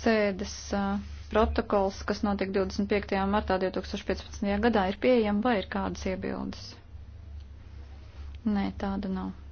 sēdes protokols, kas notiek 25. martā 2015. gadā, ir pieejama vai ir kādas iebildes? Nē, tāda nav.